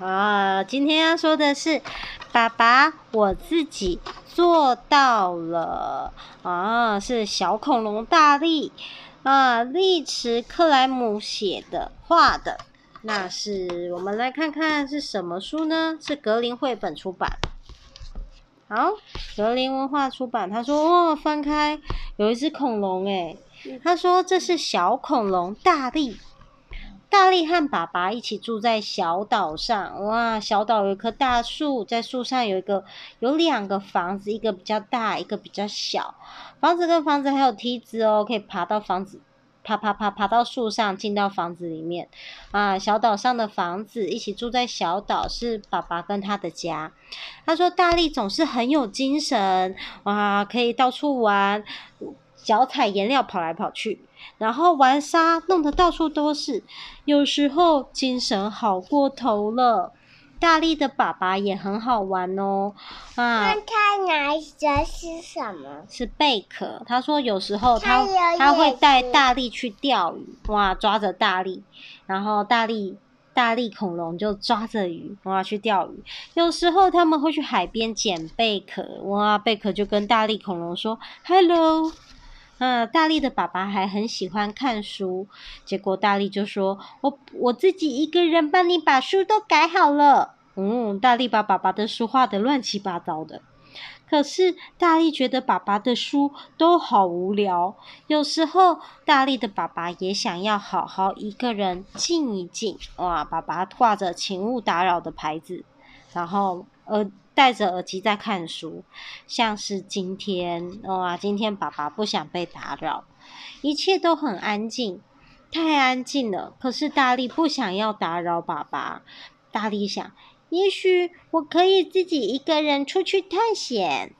啊，今天要說的是，爸爸，我自己做到了。啊，是小恐龍大力，啊，麗池克萊姆寫的畫的，那是我們來看看是什麼書呢？是格林繪本出版。好，格林文化出版，他說哦，翻開有一隻恐龍誒、欸，他說這是小恐龍大力。大力和爸爸一起住在小島上，哇！小島有一棵大樹，在樹上有一個、有兩個房子，一個比較大，一個比較小。房子跟房子還有梯子哦，可以爬到房子，爬爬爬，爬到樹上，進到房子裡面。啊！小島上的房子，一起住在小島，是爸爸跟他的家。他說，大力總是很有精神，哇，可以到處玩。腳踩顏料跑來跑去，然後玩沙弄得到處都是。有時候精神好過頭了。大力的爸爸也很好玩哦。啊，看看哪一隻是什麼？是貝殼。他說有時候他他會帶大力去釣魚，哇，抓着大力，然後大力大力恐龍就抓着魚，哇，去釣魚。有時候他們會去海邊撿貝殼，哇，貝殼就跟大力恐龍說 “Hello”。嗯，大力的爸爸還很喜歡看書，結果大力就說：“我我自己一個人幫你把書都改好了。”嗯，大力把爸爸的書畫得亂七八糟的。可是大力覺得爸爸的書都好無聊，有時候大力的爸爸也想要好好一個人靜一靜。哇，爸爸掛着“請勿打擾”的牌子，然後。呃，戴着耳機在看書，像是今天，哇，今天爸爸不想被打擾，一切都很安靜，太安靜了。可是大力不想要打擾爸爸，大力想，也許我可以自己一個人出去探險。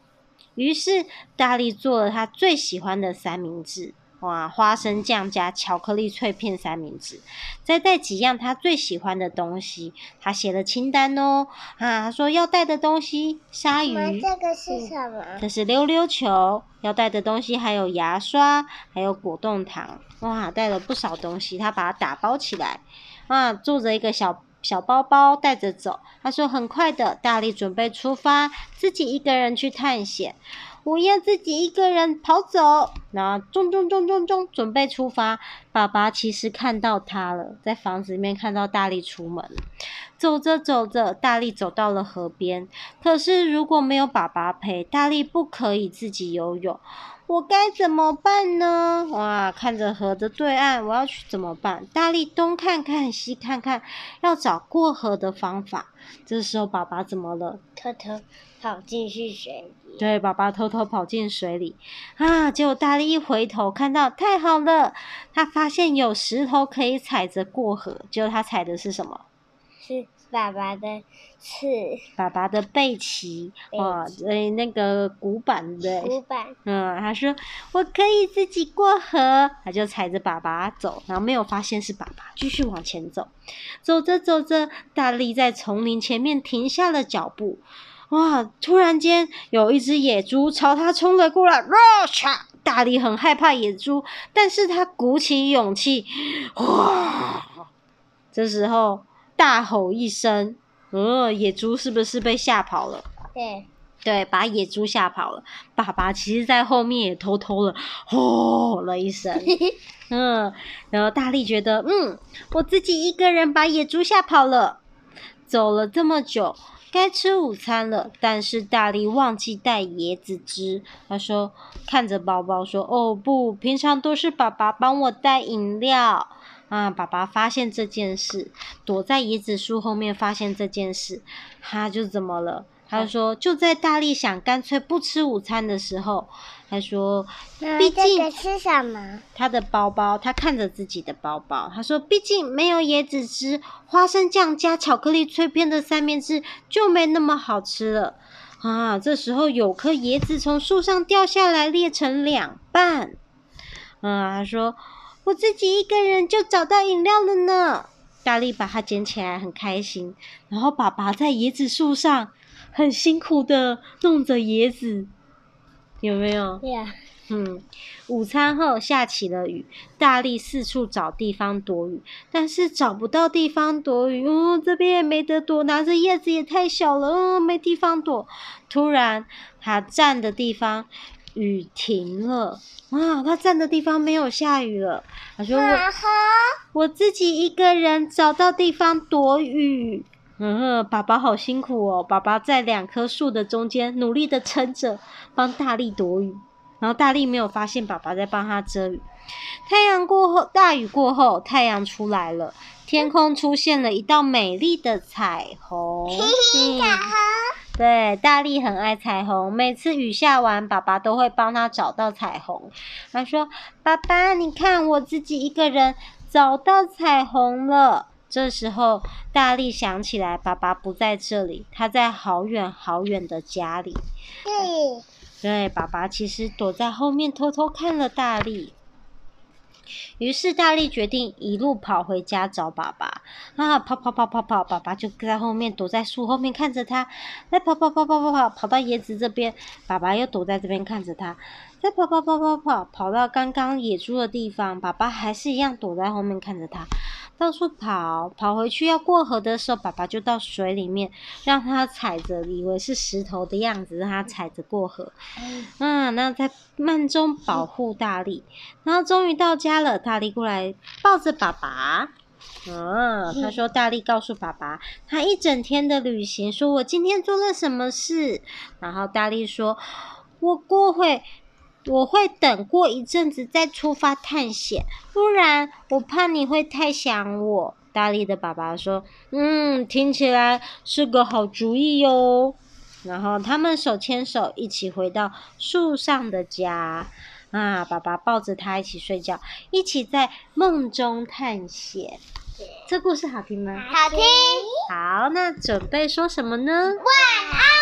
於是大力做了他最喜歡的三明治。哇，花生醬加巧克力脆片三明治，再帶幾樣他最喜歡的東西，他寫了清單哦。啊，他說要帶的東西，鯊魚，這個是什麼？嗯，這是溜溜球。要帶的東西還有牙刷，還有果凍糖。哇，帶了不少東西，他把它打包起來，啊，坐著一個小小包包帶着走。他說很快的，大力準備出發，自己一個人去探險。我要自己一個人跑走。然後，中中中中中，準備出發。爸爸其實看到他了，在房子裡面看到大力出門。走着走着，大力走到了河邊。可是如果沒有爸爸陪，大力不可以自己游泳。我該怎麼辦呢？哇，看着河的對岸，我要去怎麼辦？大力東看看西看看，要找過河的方法。這時候，爸爸怎麼了？偷偷跑進去水裡。對，爸爸偷偷跑進水裡。啊，結果大力。一回頭看到，太好了，他發現有石頭可以踩着過河，結果他踩的是什麼？是爸爸的，是爸爸的背鰭哦，呃那個骨板的。骨板。嗯，他說我可以自己過河，他就踩着爸爸走，然後沒有發現是爸爸，繼續往前走。走着走着，大力在叢林前面停下了腳步。哇！突然間有一隻野豬朝他衝了過來，臥槽！大力很害怕野豬，但是他鼓起勇氣，哇！這時候大吼一聲，呃，野豬是不是被嚇跑了？對，對，把野豬嚇跑了。爸爸其實在後面也偷偷的吼了一聲，嗯，然後大力覺得，嗯，我自己一個人把野豬嚇跑了，走了這麼久。該吃午餐了，但是大力忘記帶椰子汁。他說：“看着包包說，哦不，平常都是爸爸幫我帶飲料啊。”爸爸發現這件事，躲在椰子樹後面發現這件事，他就怎麼了？他說：“就在大力想乾脆不吃午餐的時候，他說，畢竟吃什麼？他的包包，他看着自己的包包，他說，畢竟沒有椰子汁，花生醬加巧克力脆片的三明治就沒那麼好吃了。”啊，這時候有顆椰子從樹上掉下來，裂成兩半。啊、嗯，他說：“我自己一個人就找到飲料了呢。”大力把它撿起來，很開心。然後爸爸在椰子樹上。很辛苦的弄着椰子，有沒有？對呀。嗯。午餐後下起了雨，大力四處找地方躲雨，但是找不到地方躲雨。哦，這邊也沒得躲，拿着葉子也太小了，哦，沒地方躲。突然，他站的地方雨停了。哇，他站的地方沒有下雨了。他說：“我 我自己一個人找到地方躲雨。”嗯哼，爸爸好辛苦哦！爸爸在兩棵樹的中間努力的撐着，幫大力躲雨。然後大力沒有發現爸爸在幫他遮雨。太陽過後，大雨過後，太陽出來了，天空出現了一道美麗的彩虹。彩虹。嗯。對，大力很愛彩虹，每次雨下完，爸爸都會幫他找到彩虹。他說：“爸爸，你看，我自己一個人找到彩虹了。”這時候，大力想起來，爸爸不在這裡，他在好遠好遠的家裡。對、嗯呃，對，爸爸其實躲在後面偷偷看了大力。於是，大力決定一路跑回家找爸爸。啊，跑跑跑跑跑，爸爸就在後面躲在樹後面看着他。再跑跑跑跑跑跑，跑到椰子這邊，爸爸又躲在這邊看着他。再跑跑跑跑跑，跑到剛剛野豬的地方，爸爸還是一樣躲在後面看着他。到處跑，跑回去要過河的時候，爸爸就到水裡面，讓他踩着，以為是石頭的樣子，讓他踩着過河。嗯，那在慢中保護大力，然後終於到家了。大力過來抱着爸爸，嗯，他說：“大力告訴爸爸，他一整天的旅行，說我今天做了什麼事。”然後大力說：“我過會。”我會等過一陣子再出發探險，不然我怕你會太想我。大力的爸爸說：“嗯，聽起來是個好主意喲。”然後他們手牽手一起回到樹上的家，啊，爸爸抱着他一起睡覺，一起在夢中探險。這故事好聽嗎？好聽。好，那準備說什麼呢？晚安。